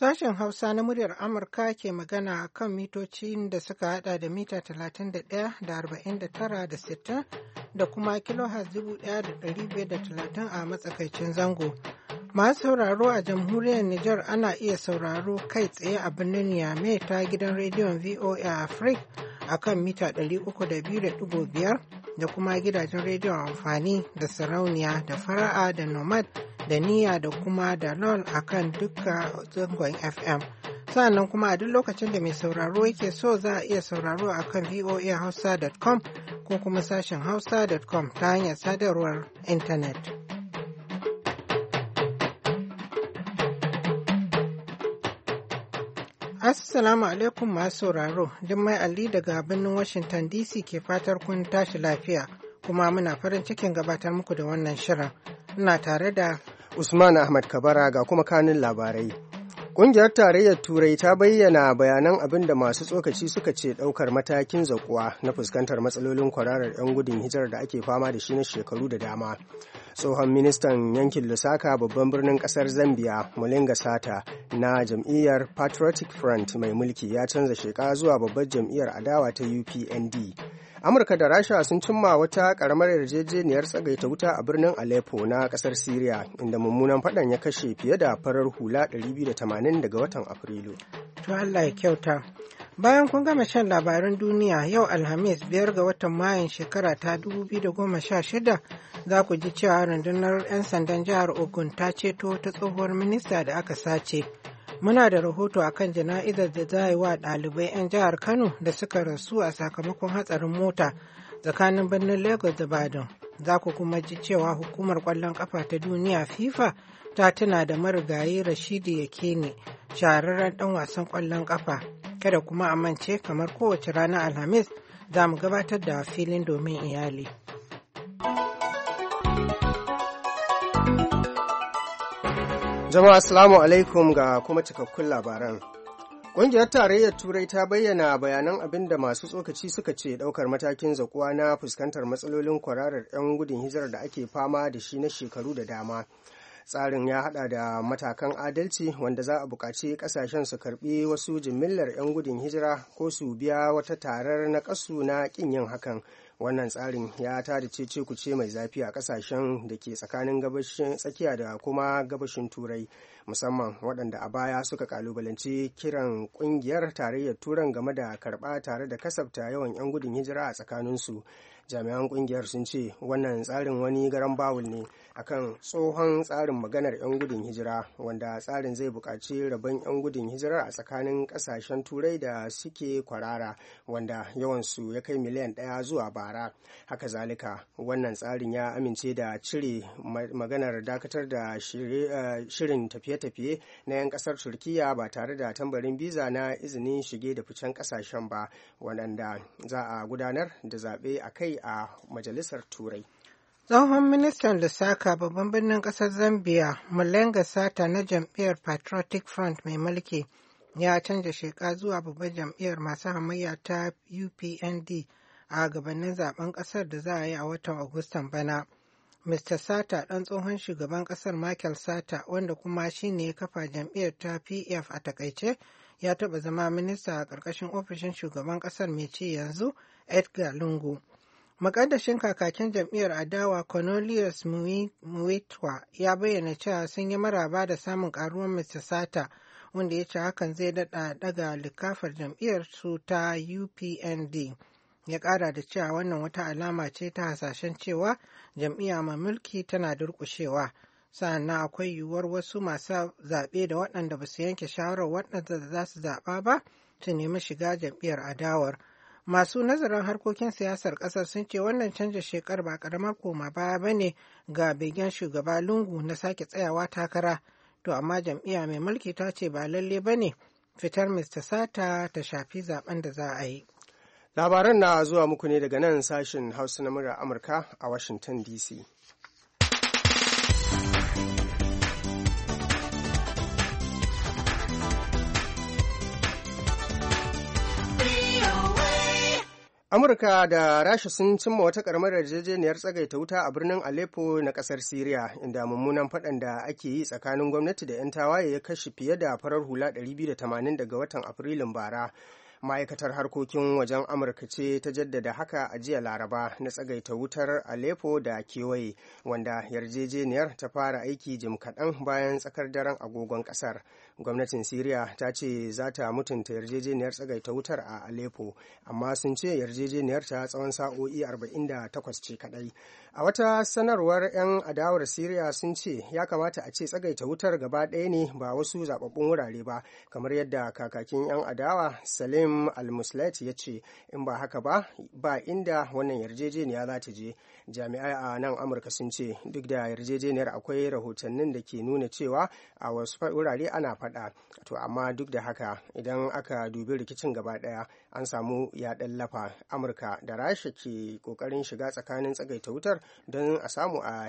Sashen Hausa na muryar Amurka ke magana kan mitocin da suka hada da mita 31 da 49 da 60 da kuma 1530 a matsakaicin zango. Masu sauraro a jamhuriyar Nijar ana iya sauraro kai tsaye a birnin Yame ta gidan rediyon VOA Africa a kan mita 302.5 da kuma gidajen rediyon amfani da sarauniya da fara'a da nomad da niya da kuma da lol a kan duka zangon fm sannan kuma a duk lokacin da mai sauraro yake so za a iya sauraro a kan voahausa.com ko kuma sashen hausa.com ta hanyar sadarwar intanet. Assalamu alaikum masu sauraro, Jummai Ali daga birnin Washington DC ke fatar kun tashi lafiya kuma muna farin cikin gabatar muku da wannan shirin. Ina tare da Usman Ahmad Kabara ga kuma kanin labarai. Ƙungiyar Tarayyar Turai ta bayyana bayanan abin da masu tsokaci suka ce ɗaukar matakin zaƙuwa na fuskantar matsalolin kwararar 'yan gudun hijirar da ake fama da shi na shekaru da dama. tsohon ministan yankin lusaka babban birnin kasar zambia mulinga sata na jam'iyyar patriotic front mai mulki ya canza sheka zuwa babbar jam'iyyar adawa ta upnd amurka da rasha sun cimma wata karamar yarjejeniyar tsagaita wuta a birnin aleppo na kasar syria inda mummunan fadan ya kashe fiye da farar hula 280 daga watan afrilu to allah ya kyauta Bayan kun gama shan labaran duniya yau Alhamis biyar ga watan Mayun shekara ta 2016 za ku ji cewa rundunar 'yan sandan jihar Ogun ta ceto ta tsohuwar minista da aka sace. Muna da rahoto akan jana'izar da za yi wa ɗalibai 'yan jihar Kano da suka rasu a sakamakon hatsarin mota tsakanin birnin Lagos da Badon. Za ku kuma ji cewa hukumar ƙwallon ƙafa ta duniya FIFA ta tuna da marigayi Rashidi Yakini, shahararren ɗan wasan ƙwallon ƙafa. Kada kuma a mance kamar kowace ranar Alhamis za mu gabatar da filin domin iyali. Jama'a Assalamu alaikum ga kuma cikakkun labaran. Ƙungiyar Tarayyar Turai ta bayyana bayanan abin da masu tsokaci suka ce ɗaukar matakin zakuwa na fuskantar matsalolin kwararar 'yan gudun hijirar da ake fama da shi na shekaru da dama. tsarin ya hada da matakan adalci wanda za a buƙaci ƙasashen su karbi wasu jimillar 'yan gudun hijira ko su biya wata tarar na ƙasu na ƙin yin hakan wannan tsarin ya tada cece kuce mai zafi a ƙasashen da ke tsakanin gabashin tsakiya da kuma gabashin turai musamman waɗanda a baya suka kalubalanci kiran ƙungiyar tarayyar turan game da karɓa tare da kasafta yawan 'yan gudun hijira a tsakaninsu jami'an kungiyar sun ce wannan tsarin wani garan bawul ne akan tsohon tsarin maganar 'yan gudun hijira wanda tsarin zai buƙaci rabon 'yan gudun hijira a tsakanin ƙasashen turai da suke kwarara wanda yawansu ya kai miliyan ɗaya zuwa bara haka zalika wannan tsarin ya amince da cire maganar dakatar da eh, shirin tafiye-tafiye na 'yan ƙasar turkiya ba tare da tambarin biza na izinin shige da ficen ƙasashen ba waɗanda za a gudanar da zaɓe a kai a majalisar turai tsohon ministan lusaka babban birnin kasar zambia malenga sata na jam'iyyar patriotic front mai mulki ya canza sheka zuwa babbar jam'iyyar masu hamayya ta upnd a gabanin zaben kasar da za a yi a watan agustan bana mr sata dan tsohon shugaban kasar michael sata wanda kuma shine ya kafa jam'iyyar ta pf a takaice ya taɓa zama minista a ƙarƙashin ofishin shugaban ƙasar mai ci yanzu edgar lungu Makaddashin kakakin jam'iyyar adawa Cornelius Muwitwa ya bayyana cewa sun yi maraba da samun karuwar Mr. Sata wanda ya ce hakan zai daɗa daga likafar jam'iyyar su ta UPND. Ya ƙara da cewa wannan wata alama ce ta hasashen cewa jam'iyya mai mulki tana durƙushewa. na akwai yiwuwar wasu masu zaɓe da waɗanda ba su yanke shawarar waɗanda za su zaɓa ba su nemi shiga jam'iyyar adawar. masu nazarin harkokin siyasar kasar sun ce wannan canja shekar ba karamar koma baya ba ne ga begen shugaba lungu na sake tsayawa takara to amma jam'iyya mai mulki ta ce ba lalle ba ne fitar mr sata ta shafi zaben da za a yi labaran na zuwa muku ne daga nan sashen hausa na murar amurka a washington dc Amurka da Rasha sun cimma wata karamar yarjejeniyar tsagaita wuta a birnin Aleppo na kasar Siriya, inda mummunan faɗan da ake yi tsakanin gwamnati da 'yan tawaye ya kashe fiye da farar hula 280 daga watan Afrilun bara. ma'aikatar harkokin wajen amurka ce ta jaddada haka a jiya laraba na tsagaita wutar aleppo da kewaye wanda yarjejeniyar ta fara aiki jim kaɗan bayan tsakar daren agogon ƙasar gwamnatin syria ta ce za ta mutunta yarjejeniyar tsagaita wutar a aleppo amma sun ce yarjejeniyar ta tsawon sa'o'i 48 ce kadai a wata sanarwar 'yan adawar syria sun ce ya kamata a ce tsagaita wutar gaba ɗaya ne ba wasu zababbun wurare ba kamar yadda kakakin 'yan adawa salim al muslet ya ce in ba haka ba ba inda wannan yarjejeniya za ta je jami'ai a nan amurka sun ce duk da yarjejeniyar akwai rahotannin da ke nuna cewa a wasu wurare ana faɗa faɗa to amma duk da haka idan aka dubi rikicin gaba ɗaya an samu ya lafa amurka da rasha ke ƙoƙarin shiga tsakanin tsagaita wutar don a samu a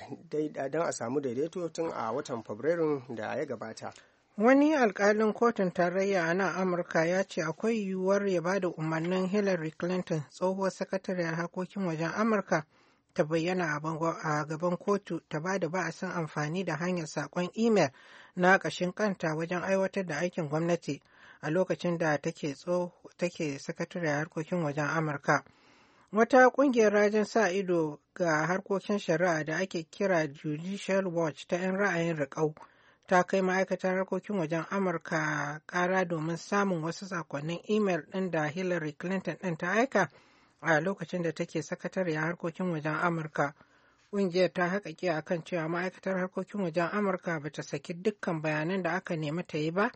samu daidaito tun a watan fabrairun da ya gabata wani alkalin kotun tarayya a nan amurka ya ce akwai yiwuwar ya ba da umarnin hillary clinton tsohuwar sakatariyar harkokin wajen amurka ta bayyana a gaban kotu ta ba da ba a san amfani da hanyar saƙon imel na ƙashin kanta wajen aiwatar da aikin gwamnati a lokacin da take take sakatare harkokin wajen amurka wata ƙungiyar rajin sa ido ga harkokin shari'a da ake kira judicial watch ta 'yan ra'ayin riƙau ta kai ma'aikatar harkokin wajen amurka ƙara domin samun wasu sakonnin imel ɗin da hillary clinton ɗin ta aika a lokacin da take sakatare harkokin wajen amurka. Ƙungiyar ta haƙaƙe a kan cewa ma'aikatar harkokin wajen Amurka ba ta saki dukkan bayanan da aka nemi ta yi ba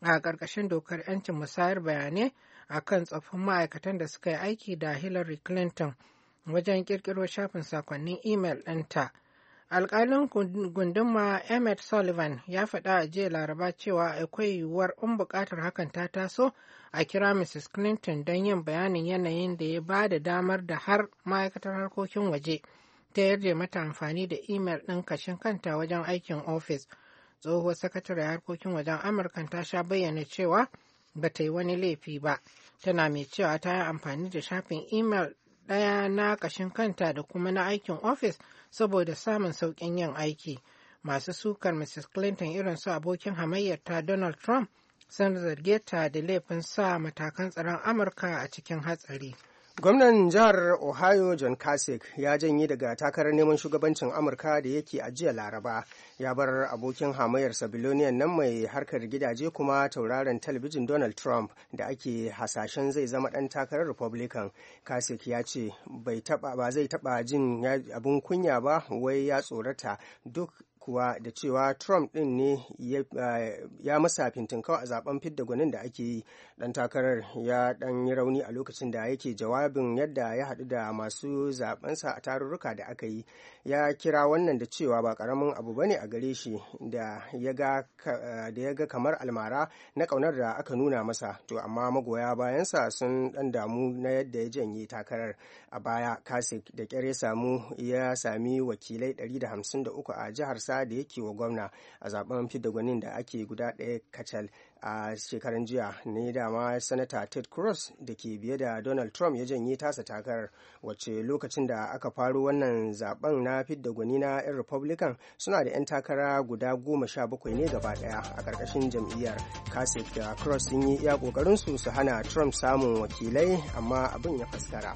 a ƙarƙashin dokar 'yancin musayar bayanai a kan tsoffin ma'aikatan da suka yi aiki da Hillary Clinton wajen ƙirƙiro shafin sakonnin imel ɗinta. Alƙalin gunduma Emmett Sullivan ya faɗa a jiya laraba cewa akwai yiwuwar in buƙatar hakan ta taso a kira Mrs. Clinton don yin bayanin yanayin da ya ba da damar da har ma'aikatar harkokin waje. ta yarda mata amfani da imel ɗin kashin kanta wajen aikin ofis tsohuwar sakatare harkokin wajen amurka ta sha bayyana cewa ba ta yi wani laifi ba tana mai cewa ta yi amfani da shafin imel ɗaya na kashin kanta da kuma na aikin ofis saboda samun sauƙin yin aiki masu sukar mrs clinton irin su abokin hamayyar ta donald trump sun zarge ta da laifin sa matakan tsaron amurka a cikin hatsari. Gwamnan jihar Ohio John Kasich ya janye daga takarar neman shugabancin Amurka da yake a jiya Laraba, ya bar abokin hamayarsa biloniyan nan mai harkar gidaje kuma tauraron talabijin Donald Trump da ake hasashen zai zama ɗan takarar Republican. Kasich ya ce ba zai taba jin abin kunya ba wai ya tsorata duk kuwa da cewa trump ɗin ne ya eh, masa fintinkau a zaben fidda gwanin da ake yi ɗan takarar ya ɗan yi rauni a lokacin da yake jawabin yadda ya haɗu da masu zabensa a tarurruka da aka yi ya kira wannan da cewa ba karamin abu bane a gare shi da ya ga eh, kamar almara na kaunar da aka nuna masa to amma magoya bayansa sun dan damu na yadda ya janye takarar a baya kasik da kyar samu ya sami wakilai 153 a jiharsa da yake wa gwamna a zaben fidda gwanin da ake guda ɗaya kacal a shekaran jiya ne da ma sanata ted cruz da ke biye da donald trump ya janye tasa takarar wacce lokacin da aka faro wannan zaben na fidda gwani na 'yan republican suna da 'yan takara guda goma sha bakwai ne gaba daya a karkashin jam'iyyar kasif da cruz sun yi iya kokarin su hana trump samun wakilai amma abin ya faskara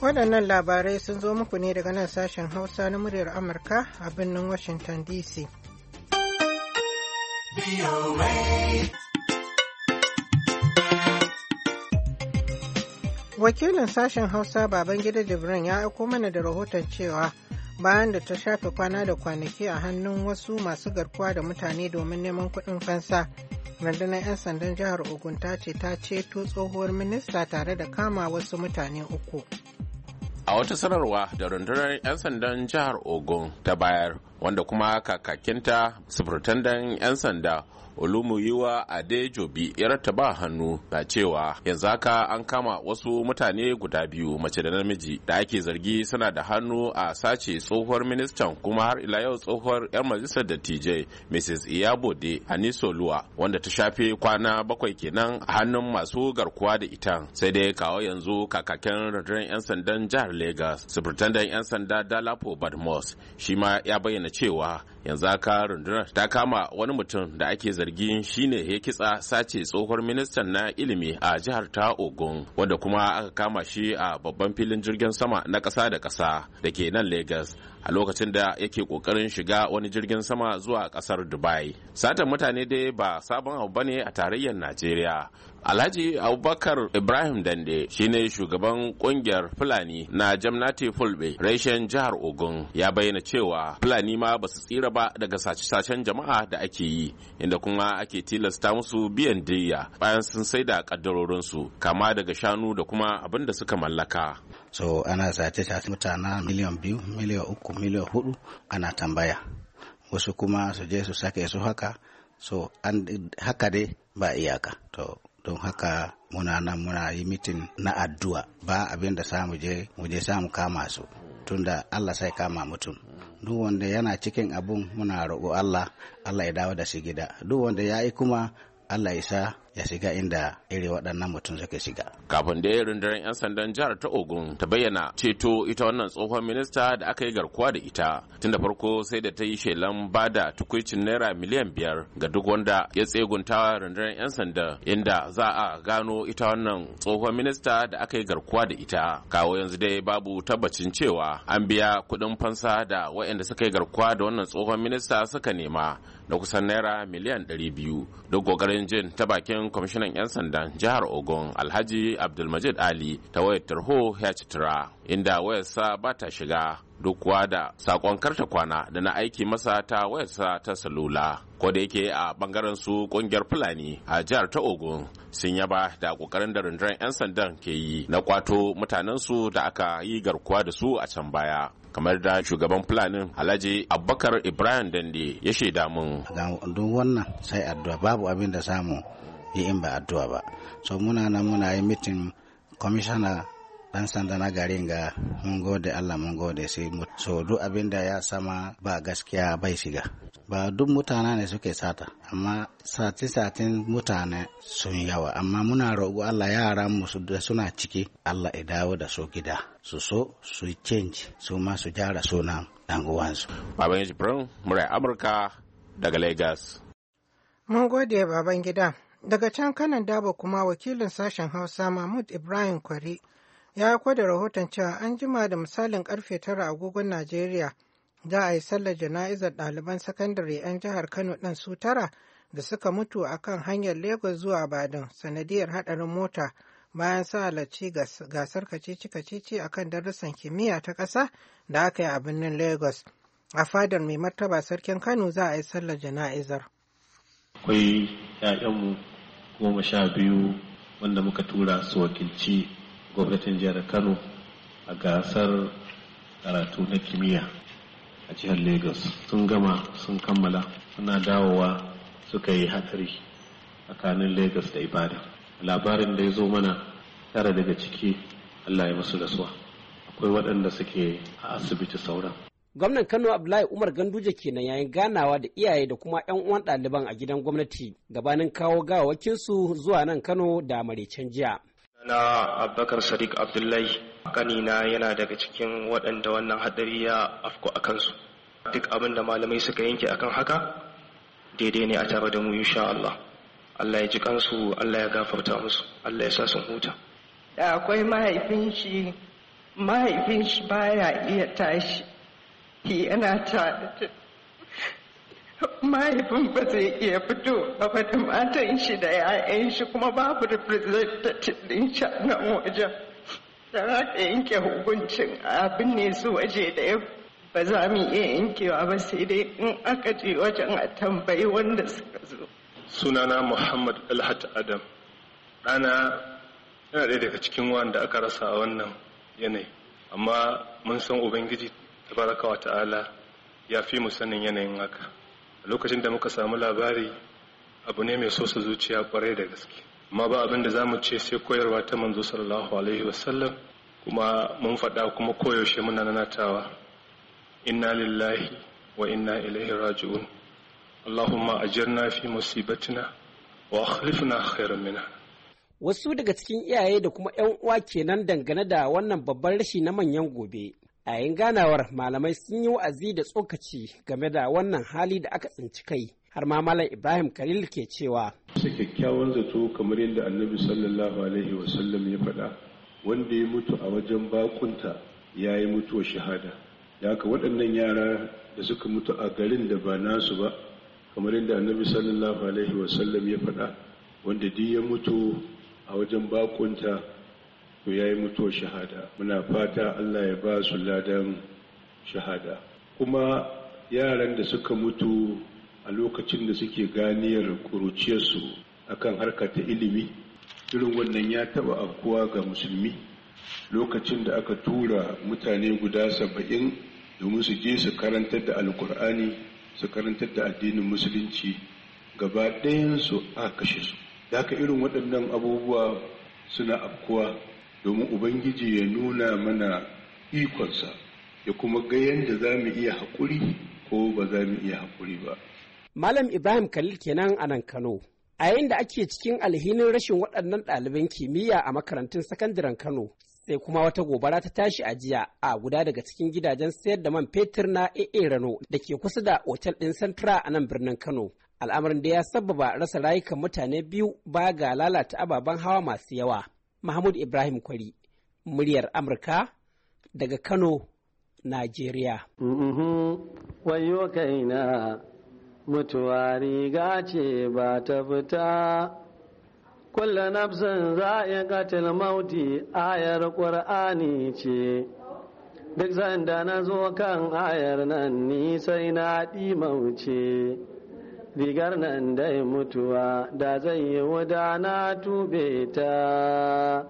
Waɗannan labarai sun zo muku ne daga nan sashen Hausa na muryar Amurka a birnin Washington DC. Wakilin sashen Hausa Babangida Jibrin ya aiko mana da rahoton cewa bayan da ta shafe kwana da kwanaki a hannun wasu masu garkuwa da mutane domin neman kuɗin fansa. Rundunar 'yan sandan jihar Ogun ta ce ta ceto tsohuwar minista tare da kama wasu mutane uku. a wata sanarwa da rundunar 'yan sandan jihar ogun ta bayar wanda kuma kakakinta sufurtandan 'yan sanda olumuyiwa adejobi ya ba hannu na cewa yanzu haka an kama wasu mutane guda biyu mace da namiji da ake zargi suna da hannu a sace tsohuwar ministan kuma har ila yau tsohuwar 'yan majalisar dattijai mrs iyabode anisoluwa wanda ta shafe kwana bakwai kenan a hannun masu garkuwa da ita sai dai kawo yanzu kakakin rundunar 'yan sandan jihar Legas sufurtandan 'yan sanda dalapo badmos shi ma ya bayyana bayyana cewa yanzu haka rundunar ta kama wani mutum da ake zargi shine ya kitsa sace tsohuwar ministan na ilimi a jihar ta ogun wanda kuma aka kama shi a babban filin jirgin sama na ƙasa da ƙasa da ke nan lagos a lokacin da yake kokarin shiga wani jirgin sama zuwa ƙasar dubai satan mutane dai ba sabon abu bane a tarayyar najeriya alhaji abubakar ibrahim dande shine shugaban kungiyar fulani na jamnati fulbe reshen jihar ogun ya bayyana cewa fulani ma basu tsira ba daga sace-sacen jama'a da ake yi inda kuma ake tilasta musu biyan diya bayan sun sai da su kama daga shanu da kuma abin da suka mallaka so ana sace-sace mutane miliyan biyu miliyan uku miliyan hudu ana tambaya wasu kuma su je su sake su haka so an haka dai ba iyaka to don haka muna nan muna yi mitin na addu'a ba abin da samu je mu je samu kama su tun da Allah sai kama mutum duk wanda yana cikin abun muna roƙo Allah Allah ya dawo da shi gida duk wanda ya yi kuma Allah ya sa ya shiga inda iri waɗannan mutum suka shiga. Kafin da ya rundunar 'yan sandan jihar ta Ogun ta bayyana ceto ita wannan tsohon minista da aka yi garkuwa da ita. Tun da farko sai da ta yi shelan ba da tukwicin naira miliyan biyar ga duk wanda ya tsegunta rundunar 'yan sanda inda za a gano ita wannan tsohon minista da aka yi garkuwa da ita. Kawo yanzu dai babu tabbacin cewa an biya kuɗin fansa da waɗanda suka yi garkuwa da wannan tsohon minista suka nema. na kusan naira miliyan 200 duk kokarin jin ta bakin kwamishinan 'yan sandan jihar ogun alhaji abdulmajid ali ta wayar tarho ya tura inda wayarsa ba ta shiga duk kuwa da sakon karta kwana da na aiki masa ta wayarsa ta salula ko da yake a bangaren su kungiyar fulani a jihar ta ogun sun yaba da kokarin da rundunar 'yan sandan ke yi na kwato mutanen su da aka yi garkuwa da su a can baya kamar da shugaban fulanin alhaji abubakar ibrahim dande ya shaida mun duk wannan sai addu'a babu abin da samu yi in ba addu'a ba so muna nan muna yi mitin kwamishina. dan sanda na garin ga mun gode Allah mun gode sai mu so duk abin da ya sama ba gaskiya bai shiga ba duk mutane ne suke sata amma sati satin mutane sun yawa amma muna roƙo Allah yara mu da suna ciki Allah ya dawo da su gida su so su change su ma su jara suna dan uwansu baban brown murai Amurka daga Lagos mun gode baban gida daga can kanan daba kuma wakilin sashen Hausa Mahmud Ibrahim Kwari ya kwada rahoton cewa an jima da misalin karfe tara agogon Najeriya za a yi sallar jana'izar ɗaliban sakandare 'yan jihar Kano ɗin su tara da suka mutu a kan hanyar Lagos zuwa Abadan sanadiyar haɗarin mota bayan sa halarci gasar kacici-kacici a kan darussan kimiyya ta ƙasa da aka yi a birnin Lagos. A fadar mai martaba sarkin Kano za a yi sallar jana'izar. Akwai 'ya'yanmu goma sha biyu wanda muka tura su wakilci gwamnatin jihar kano a gasar karatu na kimiyya a jihar lagos sun gama sun kammala suna dawowa suka yi hatsari tsakanin lagos da ibadan labarin da ya zo mana tara daga ciki allah ya masu rasuwa akwai waɗanda suke a asibiti sauran gwamnan kano abdullahi umar ganduje kenan yayin ganawa da iyaye da kuma 'yan uwan ɗaliban a gidan gwamnati gabanin kawo gawawakinsu zuwa nan kano da maraicen jiya na abubakar sadiq abdullahi kanina yana daga cikin waɗanda wannan haɗari ya afku a kansu duk abin da malamai suka yanke akan haka daidai ne a tare da mu insha Allah Allah ya ji kansu Allah ya gafarta musu Allah ya sa sun huta da akwai mahaifin shi mahaifin shi baya iya tashi yana ta mahaifin ba zai iya fito a wata matan shi da 'ya'yan shi kuma babu da representative din shi nan wajen da haka yanke hukuncin abin ne su waje da ya ba za mu iya yankewa ba sai dai in aka je wajen a tambayi wanda suka zo sunana muhammad alhat adam ɗana yana ɗaya daga cikin wanda aka rasa a wannan yanayi amma mun san ubangiji tabaraka wa ta'ala ya fi mu sanin yanayin haka lokacin da muka samu labari abu ne mai sosa zuciya kwarai da gaske amma ba abin da za mu ce sai koyarwa ta manzo sallallahu alaihi wasallam kuma mun faɗa kuma koyaushe muna nanatawa inna lillahi wa inna ilaihi raji'un allahumma ajirna fi musibatina wa akhlifna khairan minha wasu daga cikin iyaye da kuma ƴan uwa kenan dangane da wannan babban rashi na manyan gobe a yayin ganawar malamai sun yi wa'azi da tsokaci game da wannan hali da aka tsinci kai har ma malam ibrahim khalil ke cewa su kyakkyawan zato kamar yadda annabi sallallahu alaihi wasallam ya faɗa wanda ya mutu a wajen bakunta ya yi mutuwar shahada da aka waɗannan yara da suka mutu a garin da ba nasu ba kamar yadda annabi sallallahu alaihi wasallam ya faɗa wanda duk ya mutu a wajen bakunta to ya yi mutuwar shahada muna fata allah ya ba su ladan shahada kuma yaran da suka mutu a lokacin da suke ganiyar kuruciyarsu akan harkar ta ilimi irin wannan ya taba afkuwa ga musulmi lokacin da aka tura mutane guda saba'in domin su je su karantar da alkur'ani su karantar da addinin musulunci gaba ɗayansu a kashe su da haka irin waɗannan abubuwa suna afkuwa domin ubangiji ya nuna mana ikonsa ya kuma ga yadda za mu iya haƙuri ko ba za mu iya haƙuri ba malam ibrahim khalil kenan a nan kano a yayin da ake cikin alhinin rashin waɗannan ɗaliban kimiyya a makarantun sakandaren kano sai kuma wata gobara ta tashi a jiya a guda daga cikin gidajen sayar da man fetur na AA Rano da ke kusa da otal ɗin Santra a nan birnin Kano. Al'amarin da ya sababa rasa rayukan mutane biyu ba ga lalata ababen hawa masu yawa. Mahmud Ibrahim Kwari, muryar Amurka daga Kano, Najeriya. Mm-hmm. Wayo kaina mutuwa riga ce ba ta fita. Kulla nafsin katil mauti ayar ƙwar'ani ce. Duk sanda na zo kan ayar nan ni sai na ɗi mauce. rigar nan dai mutuwa da zai yi wuda na tube ta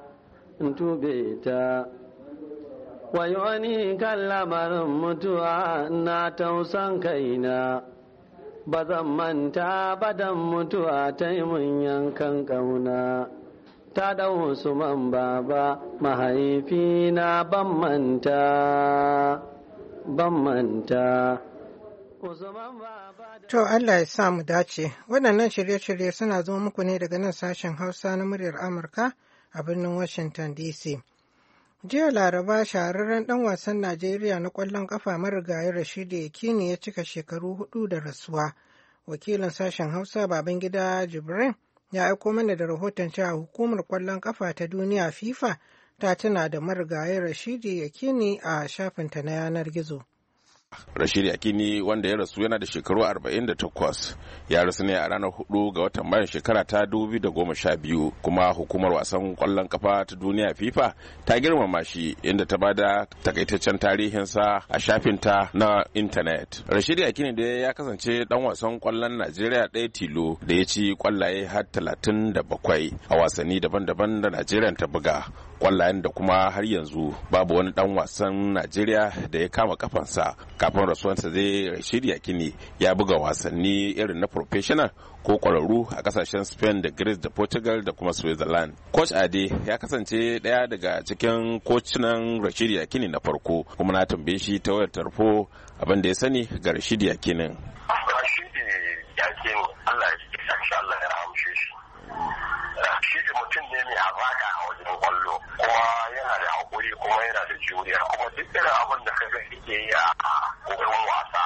tube ta wani kan lamarin mutuwa na tausan kaina ba zan manta ba badan mutuwa ta yi mun yankan ƙauna ta da su man baba mahaifina ban manta ban manta Usman ba To Allah ya sa mu dace. Waɗannan shirye-shirye suna zama muku ne daga nan sashen Hausa na muryar Amurka a birnin Washington DC. Jiya Laraba shahararren ɗan wasan Najeriya na ƙwallon ƙafa marigayi Rashidu Yakini ya cika shekaru hudu da rasuwa. Wakilin sashen Hausa Babangida Jibrin ya aiko mana da rahoton cewa hukumar ƙwallon ƙafa ta duniya FIFA ta tuna da marigayi Rashidu Yakini a shafinta na yanar gizo. Rashid Yakini wanda ya rasu yana da shekaru 48 ya rasu ne a ranar 4 ga watan bayan shekara ta 2012 kuma hukumar wasan kwallon kafa ta duniya FIFA ta girmama shi inda ta bada takaitaccen tarihinsa a shafinta na intanet. Rashid Yakini da ya kasance dan wasan kwallon Najeriya ɗaya tilo da ya ci kwallaye har 37 a wasanni daban-daban da Najeriya ta buga kwallayen da kuma har yanzu babu wani dan wasan najeriya da ya kama kafansa kafin rasuwansa zai rashid yakini ya buga wasanni irin na professional ko kwararru a kasashen spain da greece da portugal da kuma switzerland coach ade ya kasance daya daga cikin kocinan rashid yakini na farko kuma na tambaye shi ta wayar tarfo abin da ya sani ga rashid Yakini Allah ya Allah ya ramshe shi. Shi mutum ne mai hazaƙa a wajen kwallo. kuma yana da juriya kuma duk da abin da kaga yake yi a wurin wasa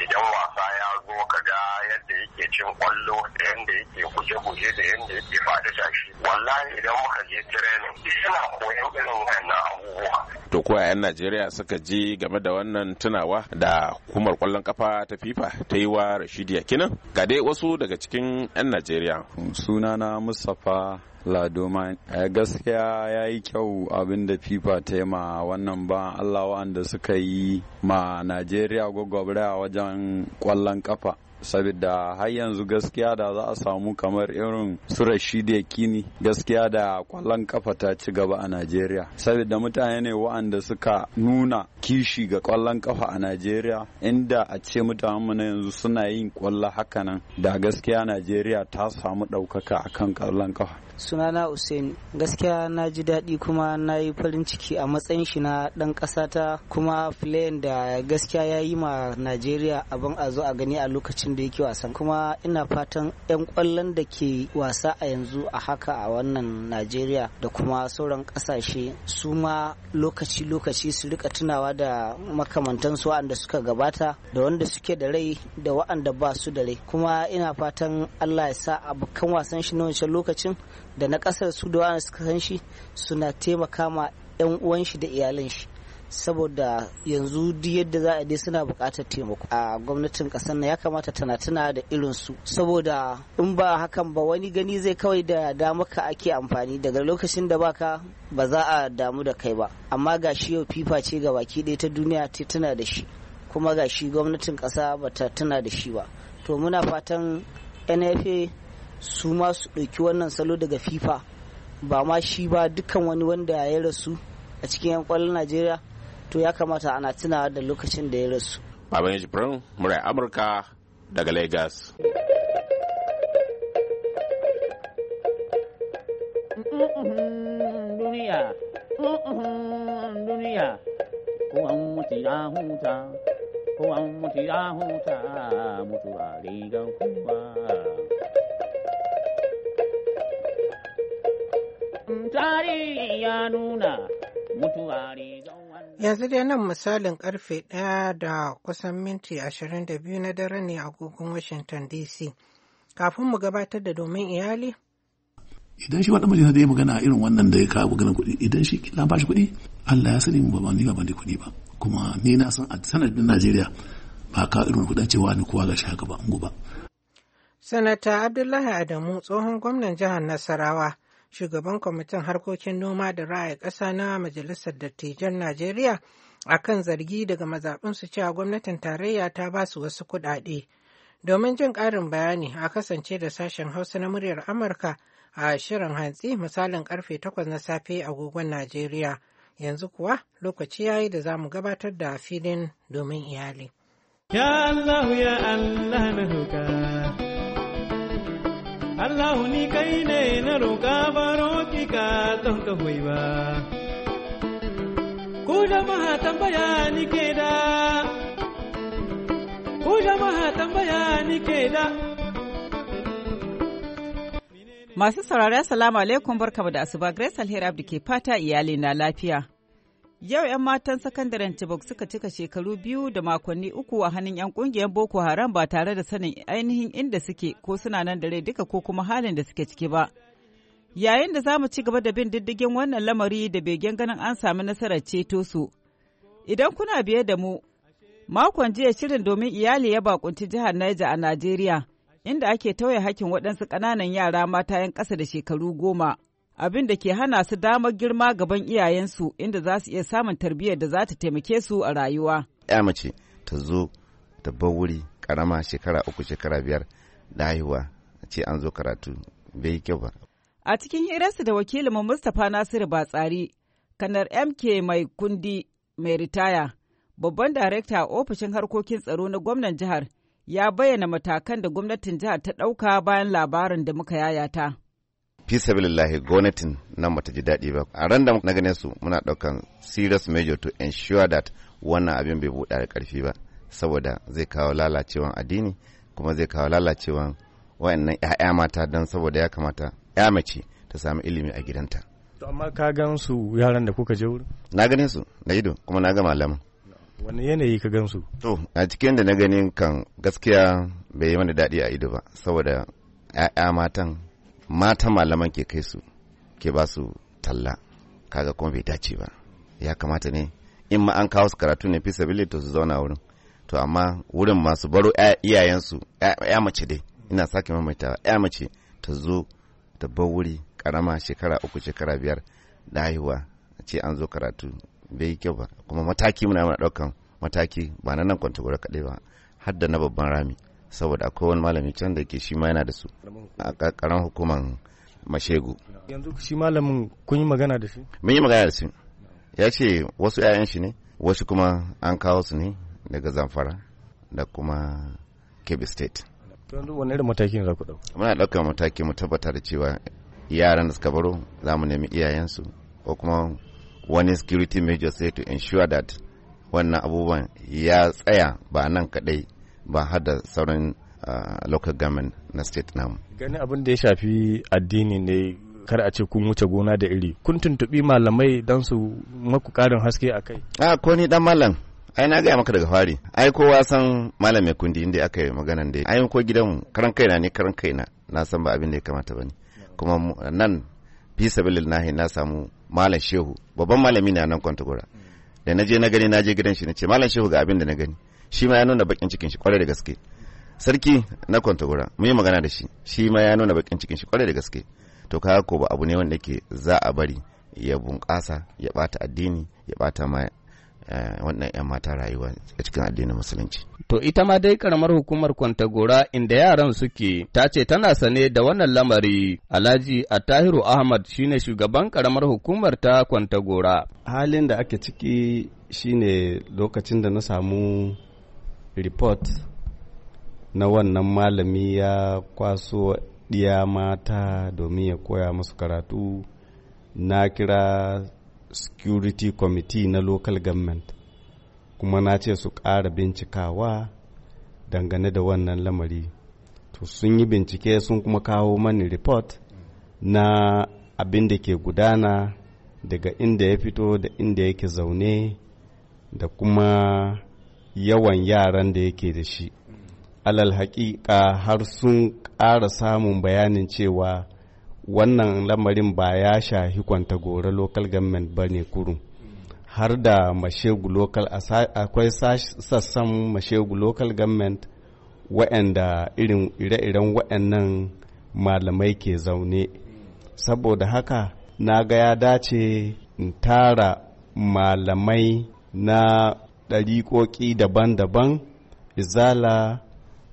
idan wasa ya zo kaga yadda yake cin kwallo da yadda yake guje-guje da yadda yake faɗi tashi wallahi idan muka je training yana koyan irin wannan abubuwa to ko 'yan najeriya suka ji game da wannan tunawa da hukumar kwallon kafa ta fifa ta yi wa rashidiya kinan ga dai wasu daga cikin 'yan najeriya sunana mustapha ladoma eh, gaskiya ya yi kyau abin da fifa ta yi ma wannan ba allah wanda suka yi ma najeriya gwagwabra wajen kwallon kafa saboda har yanzu gaskiya da za a samu kamar irin su da Kini gaskiya da kwallon kafa ta ci gaba a Najeriya saboda mutane ne waɗanda suka nuna kishi ga kwallon kafa a Najeriya inda a ce mutanen mu na yanzu suna yin kwallo hakanan da gaskiya Najeriya ta samu ɗaukaka akan kwallon kafa sunana Usain gaskiya na ji daɗi kuma na yi farin ciki a matsayin shi na ɗan ta kuma filayen da gaskiya ya yi ma Najeriya abin a zo a gani a lokacin da yake wasan kuma ina fatan 'yan kwallon da ke wasa a yanzu a haka a wannan najeriya da kuma sauran kasashe su ma lokaci-lokaci su rika tunawa da makamantansu wa'anda suka gabata da wanda suke da rai da waɗanda ba su da rai kuma ina fatan allah ya sa abokan wasan shi na wancan lokacin da na kasar su da waɗanda suka san shi suna taimaka ma 'yan uwan shi da iyalan shi saboda yanzu duk yadda za a dai suna buƙatar taimako a gwamnatin ƙasar na ya kamata tana tuna da irin su saboda in ba hakan ba wani gani zai kawai da damuka ake amfani daga lokacin da baka ba za a damu da kai ba amma ga shi yau fifa ce ga baki ɗaya ta duniya ta tana da shi kuma ga shi gwamnatin ƙasa ba ta tana da shi ba to muna fatan nfa su ma su ɗauki wannan salo daga fifa ba ma shi ba dukkan wani wanda ya rasu a cikin 'yan kwallon najeriya to ya kamata ana tunawa da lokacin da ya rasu baban ya jifirin murai amurka daga lagos duniya duniya kowan mutu ya huta kowan mutu ya huta mutuwa rigar kowa mm, tarihi ya nuna mutuwa rigar Yanzu dai nan misalin karfe ɗaya da kusan minti ashirin da biyu na dare ne a gugun Washington DC. Kafin mu gabatar da domin iyali. Idan shi wani mijina da ya magana irin wannan da ya kawo maganar kuɗi idan shi na bashi kuɗi Allah ya sani ba ni ba ni kuɗi ba kuma ni na san a sanadin Najeriya ba ka irin kuɗin cewa ni kowa ga shi haka ba ba. Sanata Abdullahi Adamu tsohon gwamnan jihar Nasarawa shugaban kwamitin harkokin noma da raya ƙasa na majalisar dattijan najeriya a kan zargi daga mazaɓinsu cewa gwamnatin tarayya ta ba su wasu kuɗaɗe domin jin ƙarin bayani a kasance da sashen hausa na muryar amurka a shirin hantsi misalin karfe takwas na safe agogon najeriya yanzu kuwa lokaci ya yi da za mu gabatar da filin domin iyali ya allah ya allah na Allah ni kai ne na roƙa baro ki ka don ka hoyi ba. Ku jama'a tambaya ni ke da, ku jama'a tambaya ni ke da. Masu saurari Assalamu alaikum barkamu da asuba Grace Alheri Abdi ke fata iyali na lafiya. Yau 'yan matan sakandaren Chibok suka cika shekaru biyu da makonni uku a hannun 'yan kungiyar Boko Haram ba tare da sanin ainihin inda suke ko suna nan da rai duka ko kuma halin da suke ciki ba. Yayin da za mu ci gaba da bin diddigin wannan lamari da begen ganin an sami nasarar ceto su. Idan kuna biye da mu, makon jiya shirin domin iyali ya bakunci jihar Niger a Najeriya, inda ake tauye hakkin waɗansu ƙananan yara mata 'yan ƙasa da shekaru goma. abin da ke hana su damar girma gaban iyayensu inda za su iya samun tarbiyyar da za ta taimake su a rayuwa. Ya mace ta zo ta bawuri karama shekara uku shekara biyar da haihuwa ce an zo karatu bai kyau ba. A cikin hirarsa da wakilin Mustapha Nasiru Batsari, kanar MK mai kundi mai ritaya, babban darekta a ofishin harkokin tsaro na gwamnan jihar ya bayyana matakan da gwamnatin jihar ta ɗauka bayan labarin da muka yayata. fi sabilillahi gwamnatin nan bata ji daɗi ba a ran da na gane su muna ɗaukan serious major to ensure that wannan abin bai buɗa da ƙarfi ba saboda zai kawo lalacewan addini kuma zai kawo lalacewan wayannan ƴaƴa mata don saboda ya kamata ƴa mace ta samu ilimi a gidanta to amma ka gan su yaran da kuka je wurin na gane su na ido kuma na ga malamin wani yanayi ka gan su to a cikin da na gani kan gaskiya bai yi mana daɗi a ido ba saboda ƴaƴa matan mata malaman ke kai su ke ba su talla kaga kuma bai dace ba ya kamata ne in ma an kawo su karatu ne fisa to su zauna wurin to amma wurin masu baro iyayensu ya mace dai ina sake mamaita ya mace ta zo ta bar wuri karama shekara uku shekara biyar da haihuwa ce an zo karatu bai yi kyau ba kuma mataki muna mana daukan mataki ba na nan kwanta gura kaɗai ba har na babban rami saboda akwai wani malami can da ke shi ma yana da su a karan hukumar mashegu yanzu shi malamin kun yi magana da shi mun yi magana da shi ya ce wasu 'ya'yan shi ne wasu kuma an kawo su ne daga zamfara da kuma kebbi state yanzu wani irin matakin za ku ɗauka muna ɗaukar mataki mu tabbata da cewa yaran da suka baro za mu nemi iyayensu ko kuma wani security major sai to ensure that wannan abubuwan ya tsaya ba nan kadai ba har da sauran uh, local government na state namu. Gani abin da ya shafi addini ne kar a ce kun wuce gona da iri kun tuntubi malamai don su maku karin haske a kai. A ko ni dan malam ai na gaya maka daga fari ai ko san malam kundi inda aka yi maganan da ai ko gidan karan kaina ne karan kaina na san ba abin da ya kamata bane kuma nan fi sabilillahi na samu malam shehu babban malami na nan kwantagora. da na je na gani na je gidan shi na ce malam shehu ga abin da na gani shi ma ya nuna bakin cikin shi kwarai da gaske sarki na kwantagura mun yi magana da shi shi ma ya nuna bakin cikin shi kwarai da gaske to ka ko ba abu ne wanda ke za a bari ya bunƙasa ya bata addini ya bata ma Eh, wannan 'yan mata rayuwa a cikin addinin musulunci. To ita ma dai karamar hukumar Kwantagora inda yaran suke ta ce tana sane da wannan lamari Alhaji Attahiru Ahmad shine shugaban karamar hukumar ta Kwantagora. Halin da ake ciki shine lokacin da na samu report na wannan malami ya kwaso ɗiya mata domin ya koya musu karatu na kira security committee na local government kuma na ce su ƙara bincikawa dangane da wannan lamari to sun yi bincike sun kuma kawo mani report na abin da ke gudana daga inda ya fito da inda yake zaune da kuma yawan yaran da yake da shi alal haƙiƙa har sun ƙara samun bayanin cewa wannan lamarin ba ya shahi kwanta gora local government ba ne kurun har da mashegu local akwai sassan mashegu local government wa'anda irin ire-iren wa'annan malamai ke zaune saboda haka na ga ya dace in tara malamai na ɗariƙoƙi daban-daban izala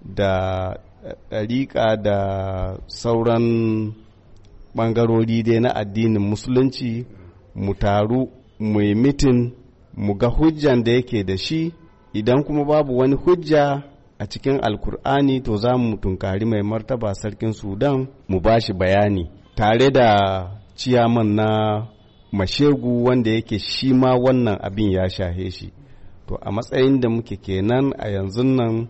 da eh, ɗariƙa da sauran bangarori dai na addinin musulunci mu taru mu yi mitin mu ga hujjan da yake da shi idan kuma babu wani hujja a cikin alkur'ani to za mu tunkari mai martaba sarkin sudan mu ba shi bayani tare da ciyaman na mashegu wanda yake shi ma wannan abin ya shahe shi to a matsayin da muke kenan a yanzu nan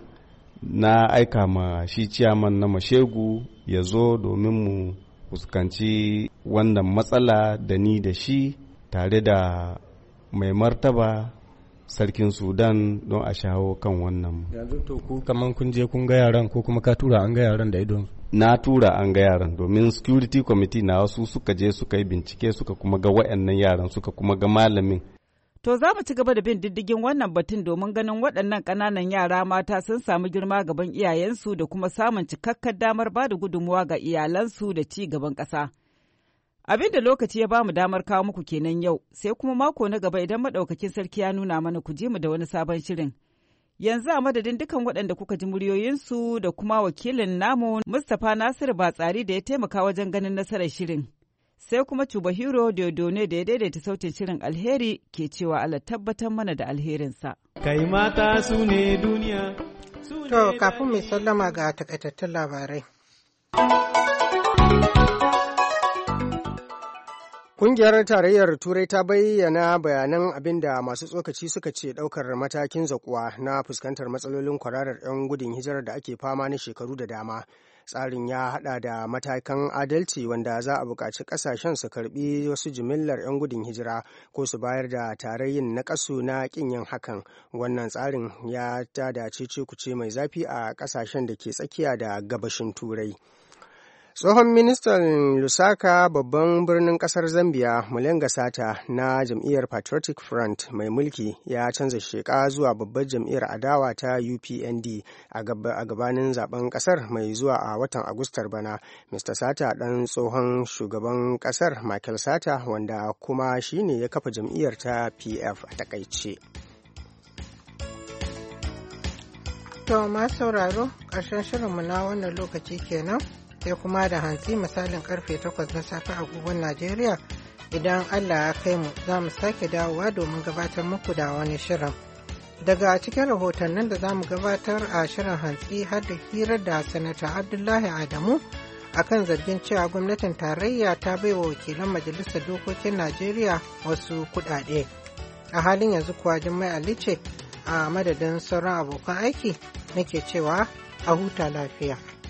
na aika ma shi ciyaman na mashegu ya zo domin mu fuskanci wannan matsala da ni da shi tare da mai martaba sarkin sudan don a shawo kan wannan yanzu to ku kaman kun je kun ga yaran ko kuma ka tura an ga yaran da idon na tura an ga yaran domin security committee na wasu suka je suka yi bincike suka kuma ga wayannan yaran suka kuma ga malamin To za mu ci gaba da bin diddigin wannan batun domin ganin waɗannan ƙananan yara mata sun samu girma gaban iyayensu da kuma samun cikakkar damar ba da gudunmuwa ga iyalansu da ci gaban ƙasa. Abin da lokaci ya ba mu damar kawo muku kenan yau, sai kuma mako na gaba idan maɗaukakin sarki ya nuna mana ku je mu da wani sabon shirin. Yanzu a madadin dukan waɗanda kuka ji muryoyinsu da kuma wakilin namu Mustapha Nasiru Batsari da ya taimaka wajen ganin nasarar shirin. sai kuma Chubahiro ne da ya daidaita sautin shirin alheri ke cewa Allah tabbatar mana da alherinsa. Kai mata su ne duniya. To, kafin mai sallama ga takaitattun labarai. ƙungiyar tarayyar Turai ta bayyana bayanan abin da masu tsokaci suka ce ɗaukar matakin zakuwa na fuskantar matsalolin kwararar 'yan gudun hijirar da ake fama na shekaru da dama. tsarin ya hada da matakan adalci wanda za a buƙaci ƙasashen su karbi wasu jimillar 'yan gudun hijira ko su bayar da tarayyin na ƙasu na ƙin yin hakan wannan tsarin ya tada cici kuce mai zafi a ƙasashen da ke tsakiya da gabashin turai Tsohon ministan Lusaka babban birnin kasar Zambia Mulenga Sata na jam'iyyar Patriotic Front mai mulki ya canza sheka zuwa babbar jam'iyyar adawa ta UPND a gabanin zaben kasar mai zuwa a watan Agustar bana. Mr. Sata dan tsohon shugaban kasar Michael Sata wanda kuma shi ne ya kafa jam'iyyar ta PF a takaice. To masu sauraro, ƙarshen shirinmu na wannan lokaci kenan. sai kuma da hantsi misalin karfe 8 na safe a agogon Najeriya idan Allah ya kai mu za mu sake dawowa domin gabatar muku da wani shirin. Daga cikin rahoton nan da za mu gabatar a shirin hantsi har da hirar da Sanata Abdullahi Adamu a kan zargin cewa gwamnatin tarayya ta bai wa wakilan majalisar dokokin Najeriya wasu kuɗaɗe. A halin yanzu kuwa Jummai Ali ce a madadin sauran abokan aiki nake cewa a huta lafiya.